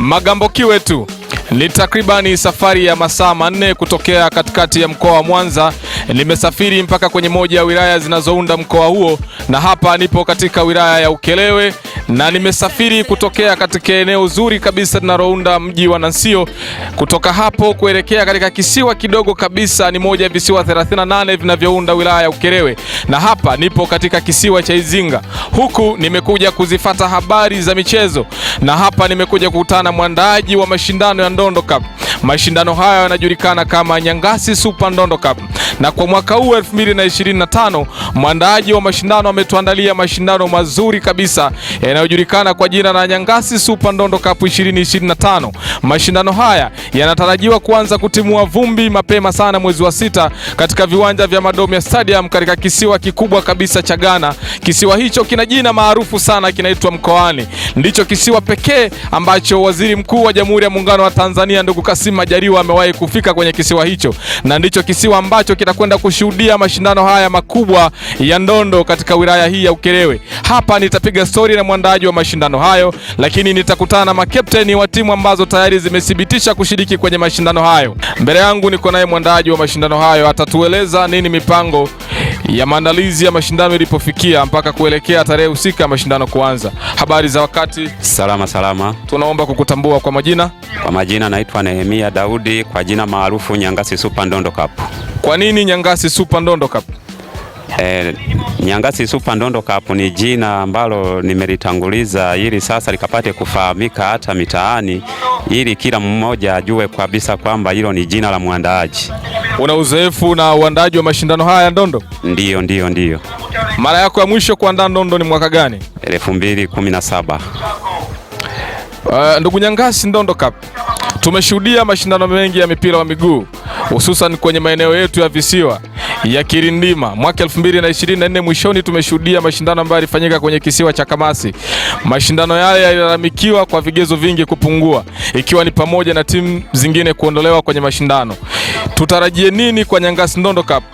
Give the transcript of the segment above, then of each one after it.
Magambo kiwe tu. Ni takribani safari ya masaa manne kutokea katikati ya mkoa wa Mwanza. Nimesafiri mpaka kwenye moja ya wilaya zinazounda mkoa huo, na hapa nipo katika wilaya ya Ukerewe na nimesafiri kutokea katika eneo zuri kabisa linalounda mji wa Nansio. Kutoka hapo kuelekea katika kisiwa kidogo kabisa, ni moja ya visiwa 38 vinavyounda wilaya ya Ukerewe, na hapa nipo katika kisiwa cha Izinga. Huku nimekuja kuzifata habari za michezo, na hapa nimekuja kukutana mwandaaji wa mashindano ya Ndondo Cup. Mashindano haya yanajulikana kama Nyangasi Super Ndondo Cup na kwa mwaka huu 2025 mwandaaji wa mashindano ametuandalia mashindano mazuri kabisa yanayojulikana kwa jina la Nyangasi Super Ndondo Cup 2025. Mashindano haya yanatarajiwa kuanza kutimua vumbi mapema sana mwezi wa sita katika viwanja vya Madomia Stadium katika kisiwa kikubwa kabisa cha Ghana. Kisiwa hicho kina jina maarufu sana, kinaitwa Mkoani. Ndicho kisiwa pekee ambacho Waziri Mkuu wa Jamhuri ya Muungano wa Tanzania ndugu Kassim Majaliwa amewahi kufika kwenye kisiwa hicho, na ndicho kisiwa ambacho kina atakwenda kushuhudia mashindano haya makubwa ya ndondo katika wilaya hii ya Ukerewe. Hapa nitapiga stori na mwandaaji wa mashindano hayo, lakini nitakutana na makapteni wa timu ambazo tayari zimethibitisha kushiriki kwenye mashindano hayo. Mbele yangu niko naye mwandaaji wa mashindano hayo, atatueleza nini mipango ya maandalizi ya mashindano ilipofikia mpaka kuelekea tarehe husika ya mashindano kuanza. Habari za wakati? Salama salama. Tunaomba kukutambua kwa majina. Kwa majina naitwa Nehemia Daudi, kwa jina maarufu Nyangasi Super Ndondo Cup. Kwa nini Nyangasi Super Ndondo Cup? E, eh, Nyangasi Super Ndondo Cup ni jina ambalo nimelitanguliza ili sasa likapate kufahamika hata mitaani ili kila mmoja ajue kabisa kwamba hilo ni jina la mwandaaji. Una uzoefu na uandaji wa mashindano haya ya ndondo? Ndiyo, ndiyo, ndiyo. Mara yako ya mwisho kuandaa ndondo ni mwaka gani? 2017. Uh, eh, ndugu Nyangasi Ndondo Cup tumeshuhudia mashindano mengi ya mipira wa miguu hususan kwenye maeneo yetu ya visiwa ya kirindima mwaka 2024 mwishoni, tumeshuhudia mashindano ambayo yalifanyika kwenye kisiwa cha Kamasi. Mashindano yale yalilalamikiwa kwa vigezo vingi kupungua, ikiwa ni pamoja na timu zingine kuondolewa kwenye mashindano. Tutarajie nini kwa Nyangasi Ndondo Cup?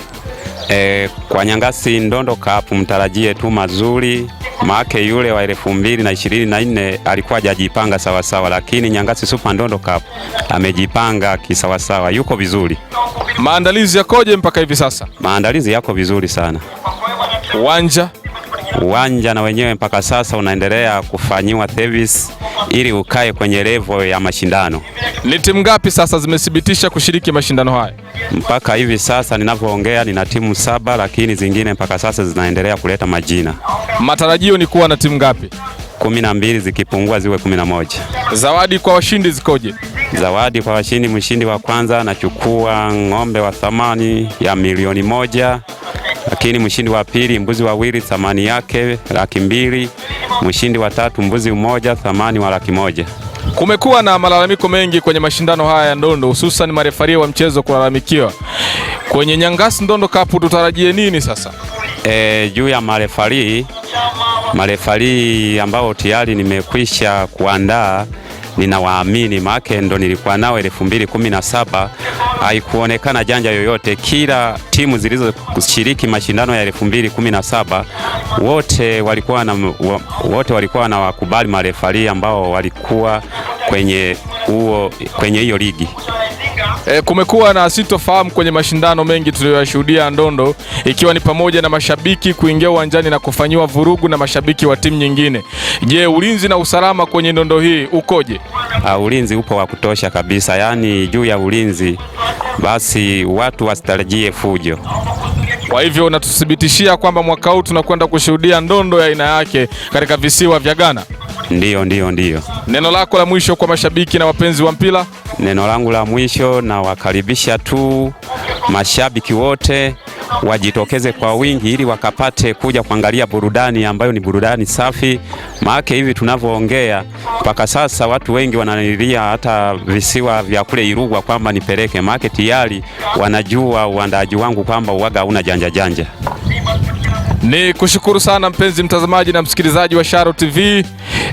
E, kwa Nyangasi Ndondo Cup mtarajie tu mazuri, maake yule wa elfu mbili na ishirini na nne alikuwa hajajipanga sawasawa, lakini Nyangasi Super Ndondo Cup amejipanga kisawasawa, yuko vizuri. Maandalizi yakoje mpaka hivi sasa? Maandalizi yako vizuri sana. Uwanja uwanja na wenyewe mpaka sasa unaendelea kufanyiwa service ili ukae kwenye levo ya mashindano. Ni timu ngapi sasa zimethibitisha kushiriki mashindano haya? Mpaka hivi sasa ninavyoongea nina timu saba, lakini zingine mpaka sasa zinaendelea kuleta majina. Matarajio ni kuwa na timu ngapi? kumi na mbili, zikipungua ziwe kumi na moja. Zawadi kwa washindi zikoje? Zawadi kwa washindi, mshindi wa kwanza anachukua ng'ombe wa thamani ya milioni moja lakini mshindi wa pili mbuzi wawili thamani yake laki mbili. Mshindi wa tatu mbuzi mmoja thamani wa laki moja. Kumekuwa na malalamiko mengi kwenye mashindano haya ya ndondo, hususan marefari wa mchezo kulalamikiwa. Kwenye Nyangasi Ndondo Cup tutarajie nini sasa? E, juu ya marefarii, marefarii ambao tayari nimekwisha kuandaa ninawaamini, maake ndo nilikuwa nao 2017 haikuonekana janja yoyote. Kila timu zilizoshiriki mashindano ya 2017 wote walikuwa na wote walikuwa na wakubali marefari ambao walikuwa kwenye huo kwenye hiyo ligi. E, kumekuwa na sitofahamu kwenye mashindano mengi tuliyoyashuhudia Ndondo, ikiwa ni pamoja na mashabiki kuingia uwanjani na kufanyiwa vurugu na mashabiki wa timu nyingine. Je, ulinzi na usalama kwenye Ndondo hii ukoje? Uh, ulinzi upo wa kutosha kabisa, yaani juu ya ulinzi basi watu wasitarajie fujo. Kwa hivyo unatuthibitishia kwamba mwaka huu tunakwenda kushuhudia ndondo ya aina yake katika visiwa vya Ghana? Ndiyo, ndiyo, ndiyo. Neno lako la mwisho kwa mashabiki na wapenzi wa mpira? Neno langu la mwisho, nawakaribisha tu mashabiki wote wajitokeze kwa wingi ili wakapate kuja kuangalia burudani ambayo ni burudani safi. Maana hivi tunavyoongea mpaka sasa watu wengi wananilia hata visiwa vya kule Irugwa kwamba nipeleke, maana tayari wanajua uandaji wangu kwamba uwaga hauna janja janja. Ni kushukuru sana mpenzi mtazamaji na msikilizaji wa Sharo TV.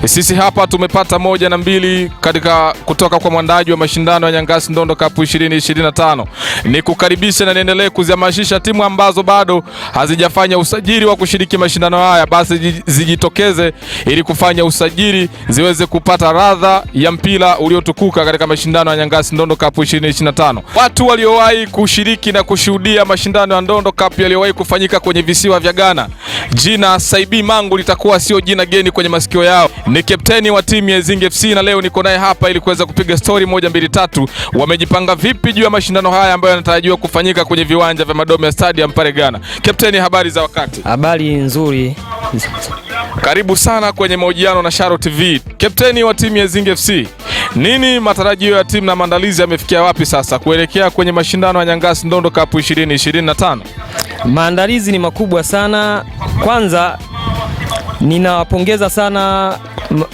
E, sisi hapa tumepata moja na mbili katika kutoka kwa mwandaji wa mashindano ya Nyangasi Ndondo Cup 2025. Ni kukaribisha na niendelee kuzihamasisha timu ambazo bado hazijafanya usajili wa kushiriki mashindano haya, basi zijitokeze ili kufanya usajili, ziweze kupata radha ya mpira uliotukuka katika mashindano ya Nyangasi Ndondo Cup 2025. Watu waliowahi kushiriki na kushuhudia mashindano ya Ndondo Cup yaliyowahi kufanyika kwenye visiwa vya Ghana, jina Saibi Mangu litakuwa sio jina geni kwenye masikio yao ni kapteni wa timu ya Izinga FC na leo niko naye hapa ili kuweza kupiga stori moja mbili tatu. Wamejipanga vipi juu ya mashindano haya ambayo yanatarajiwa kufanyika kwenye viwanja vya Madome Stadium pale Ghana? Kapteni, habari za wakati? Habari nzuri. Karibu sana kwenye mahojiano na Sharo TV. Kapteni wa timu ya Izinga FC, nini matarajio ya timu na maandalizi yamefikia wapi sasa kuelekea kwenye mashindano ya Nyangasi Ndondo Cup 2025? Maandalizi ni makubwa sana. Kwanza ninawapongeza sana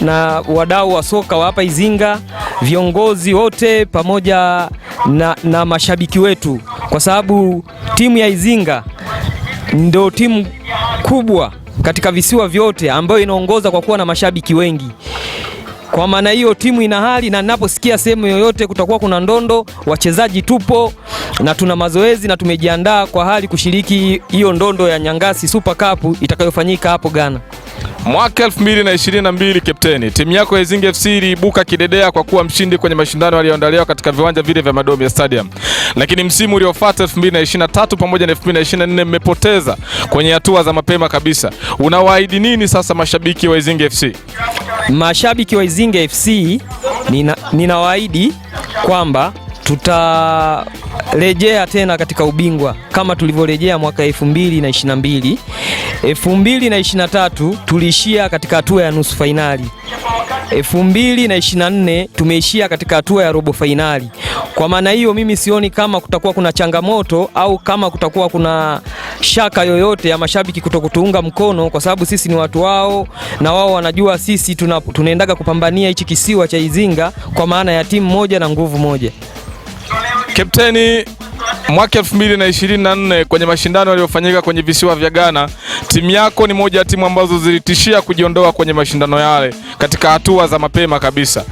na wadau wa soka wa hapa Izinga, viongozi wote pamoja na, na mashabiki wetu, kwa sababu timu ya Izinga ndio timu kubwa katika visiwa vyote ambayo inaongoza kwa kuwa na mashabiki wengi. Kwa maana hiyo timu ina hali, na ninaposikia sehemu yoyote kutakuwa kuna ndondo, wachezaji tupo na tuna mazoezi na tumejiandaa kwa hali kushiriki hiyo ndondo ya Nyangasi Super Cup itakayofanyika hapo Ghana. Mwaka 2022 kapteni, timu yako ya Izinga FC iliibuka kidedea kwa kuwa mshindi kwenye mashindano yaliyoandaliwa katika viwanja vile vya Madomi ya Stadium, lakini msimu uliofuata 2023 pamoja na 2024 mmepoteza kwenye hatua za mapema kabisa. Unawaahidi nini sasa mashabiki wa Izinga FC? Mashabiki wa Izinga FC nina, kwamba tutarejea tena katika ubingwa kama tulivyorejea mwaka 2022. 2023 tuliishia katika hatua ya nusu fainali. 2024 tumeishia katika hatua ya robo fainali. Kwa maana hiyo, mimi sioni kama kutakuwa kuna changamoto au kama kutakuwa kuna shaka yoyote ya mashabiki kutokutuunga mkono, kwa sababu sisi ni watu wao na wao wanajua sisi tunaendaga kupambania hichi kisiwa cha Izinga kwa maana ya timu moja na nguvu moja. Kapteni, mwaka nne kwenye mashindano yaliyofanyika kwenye visiwa vya Ghana, timu yako ni moja ya timu ambazo zilitishia kujiondoa kwenye mashindano yale katika hatua za mapema kabisa.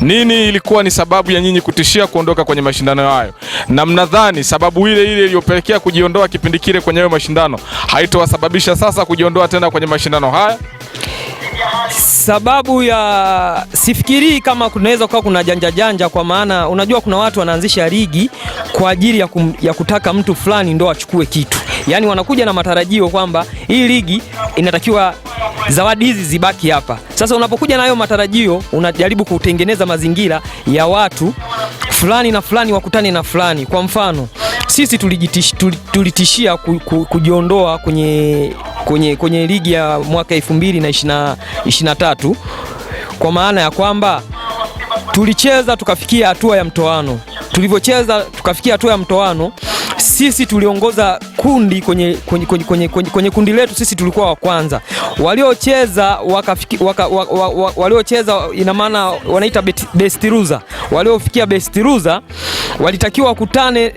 Nini ilikuwa ni sababu ya nyinyi kutishia kuondoka kwenye mashindano hayo, na mnadhani sababu ile ile iliyopelekea kujiondoa kipindi kile kwenye hayo mashindano haitowasababisha sasa kujiondoa tena kwenye mashindano haya? Sababu ya sifikirii kama kunaweza kuwa kuna janja janja, kwa maana unajua kuna watu wanaanzisha ligi kwa ajili ya, kum, ya kutaka mtu fulani ndo achukue kitu, yaani wanakuja na matarajio kwamba hii ligi inatakiwa zawadi hizi zibaki hapa. Sasa unapokuja na hayo matarajio, unajaribu kutengeneza mazingira ya watu fulani na fulani wakutane na fulani. Kwa mfano sisi tulitishia kujiondoa kwenye kwenye, kwenye ligi ya mwaka 2023 kwa maana ya kwamba tulicheza tukafikia hatua ya mtoano, tulivyocheza tukafikia hatua ya mtoano, sisi tuliongoza kundi kwenye, kwenye, kwenye, kwenye, kwenye, kwenye kundi letu sisi tulikuwa wa kwanza waliocheza wakafikia waka, wa, wa, waliocheza ina maana wanaita bestiruza waliofikia bestiruza walitakiwa wakutane,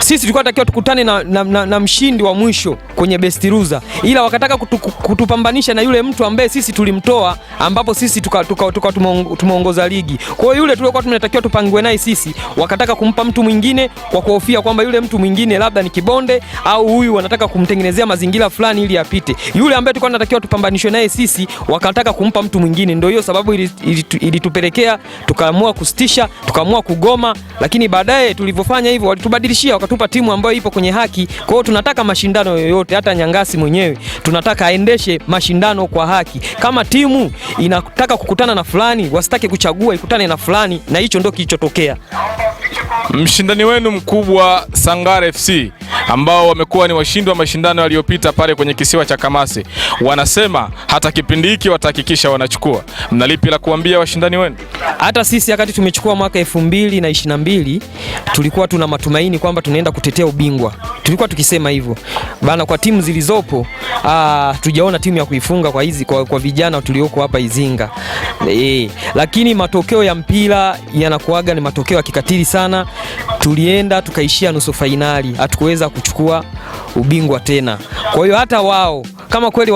sisi tulikuwa takiwa tukutane na, na, na, na mshindi wa mwisho kwenye bestiruza, ila wakataka kutu, kutupambanisha na yule mtu ambaye sisi tulimtoa, ambapo sisi tuka, tuka, tuka tumeongoza ligi. Kwa hiyo yule tuliokuwa tunatakiwa tupangiwe naye sisi wakataka kumpa mtu mwingine kwa kuhofia kwamba yule mtu mwingine mwingine, labda ni kibonde au huyu wanataka kumtengenezea mazingira fulani ili apite. Yule ambaye tulikuwa tunatakiwa tupambanishwe naye sisi wakataka kumpa mtu mwingine, ndio hiyo sababu ilitupelekea ili, ili tukaamua kusitisha, tukaamua kugoma, lakini baadaye tulivyofanya hivyo walitubadilishia wakatupa timu ambayo ipo kwenye haki. Kwa hiyo tunataka mashindano yoyote, hata Nyangasi mwenyewe tunataka aendeshe mashindano kwa haki. Kama timu inataka kukutana na fulani, wasitaki kuchagua ikutane na fulani, na hicho ndio kilichotokea. Mshindani wenu mkubwa Sangare FC ambao wamekuwa ni washindi wa mashindano yaliyopita pale kwenye kisiwa cha Kamasi, wanasema hata kipindi hiki watahakikisha wanachukua. Mna lipi la kuambia washindani wenu? Hata sisi wakati tumechukua mwaka elfu mbili na ishirini na mbili tulikuwa tuna matumaini kwamba tunaenda kutetea ubingwa, tulikuwa tukisema hivyo bana. Kwa timu zilizopo ah, tujaona timu ya kuifunga kwa hizi, kwa, kwa vijana tulioko hapa Izinga e, lakini matokeo ya mpira yanakuaga ni matokeo ya kikatili sana tulienda tukaishia nusu fainali, hatukuweza kuchukua ubingwa tena. Kwa hiyo hata wao kama kweli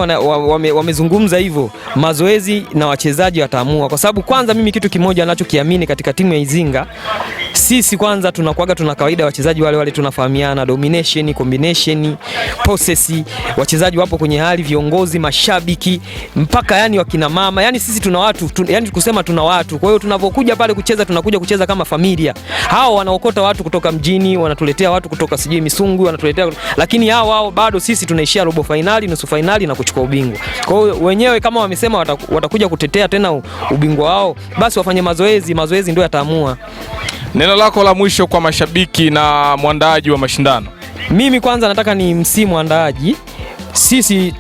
wamezungumza wame hivyo, mazoezi na wachezaji wataamua, kwa sababu kwanza, mimi kitu kimoja anachokiamini katika timu ya Izinga sisi kwanza tunakuaga tuna kawaida wachezaji wale wale tunafahamiana, domination, combination, possess, wachezaji wapo kwenye hali, viongozi, mashabiki, mpaka yani wakina mama, yani sisi tuna watu tun, yani kusema tuna watu. Kwa hiyo tunapokuja pale kucheza tunakuja kucheza kama familia. Hao wanaokota watu kutoka mjini, wanatuletea watu kutoka sijui Misungu, wanatuletea lakini hao wao bado sisi tunaishia robo finali, nusu finali na kuchukua ubingwa. Kwa hiyo wenyewe kama wamesema watakuja kutetea tena ubingwa wao, basi wafanye mazoezi, mazoezi ndio yataamua. Neno lako la mwisho kwa mashabiki na mwandaaji wa mashindano? Mimi kwanza nataka ni msimu mwandaaji, sisi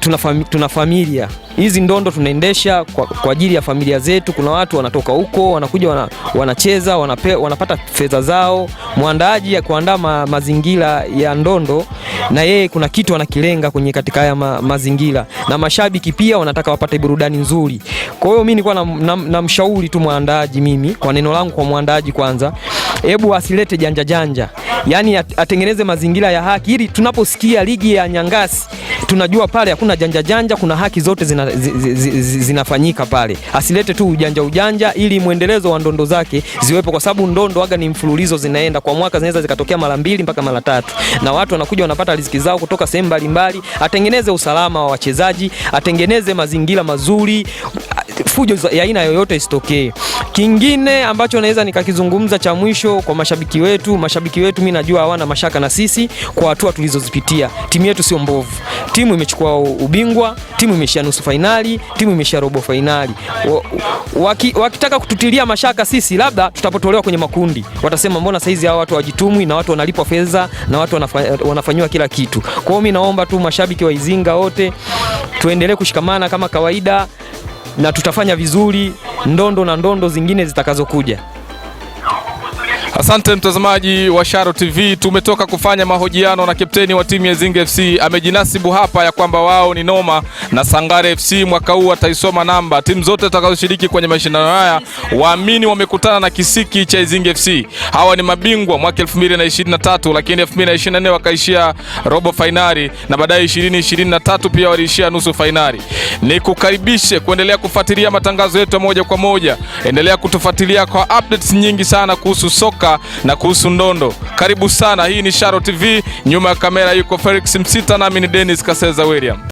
tuna familia hizi ndondo tunaendesha kwa, kwa ajili ya familia zetu. Kuna watu wanatoka huko wanakuja wana, wanacheza wanape, wanapata fedha zao. Mwandaaji ya kuandaa ma, mazingira ya ndondo, na yeye kuna kitu anakilenga kwenye katika haya ma, mazingira, na mashabiki pia wanataka wapate burudani nzuri. Kwa hiyo mimi nilikuwa namshauri na, na tu mwandaaji, mimi kwa neno langu kwa mwandaaji kwanza, hebu asilete janja janja, yani atengeneze mazingira ya haki, ili tunaposikia ligi ya Nyangasi tunajua pale hakuna janja janja, kuna haki zote zina zina, zina, zinafanyika pale, asilete tu ujanja ujanja, ili mwendelezo wa ndondo zake ziwepo, kwa sababu ndondo aga ni mfululizo, zinaenda kwa mwaka, zinaweza zikatokea mara mbili mpaka mara tatu, na watu wanakuja wanapata riziki zao kutoka sehemu mbalimbali. Atengeneze usalama wa wachezaji, atengeneze mazingira mazuri fujo ya aina yoyote isitokee. Kingine ambacho naweza nikakizungumza cha mwisho kwa mashabiki wetu, mashabiki wetu mimi najua hawana mashaka na sisi kwa hatua tulizozipitia. Timu yetu sio mbovu, timu imechukua ubingwa, timu imeshia nusu fainali, timu imeshia robo fainali. Waki, wakitaka kututilia mashaka sisi, labda tutapotolewa kwenye makundi, watasema mbona saizi hao watu wajitumwi na watu wanalipwa fedha na watu wanafanyiwa kila kitu. Kwa hiyo mimi naomba tu mashabiki wa Izinga wote tuendelee kushikamana kama kawaida na tutafanya vizuri ndondo na ndondo zingine zitakazokuja. Asante mtazamaji wa Sharo TV, tumetoka kufanya mahojiano na kapteni wa timu ya Zinga FC. Amejinasibu hapa ya kwamba wao ni noma na Sangare FC mwaka huu wataisoma namba. Timu zote zitakazoshiriki kwenye mashindano haya waamini wamekutana na kisiki cha Zinga FC. Hawa ni mabingwa mwaka 2023 lakini 2024 wakaishia robo fainali na baadaye 2023 pia waliishia nusu fainali ni kukaribishe kuendelea kufuatilia matangazo yetu ya moja kwa moja. Endelea kutufuatilia kwa updates nyingi sana kuhusu soka na kuhusu ndondo. Karibu sana. Hii ni Sharo TV, nyuma ya kamera yuko Felix Msita, nami ni Dennis Kaseza William.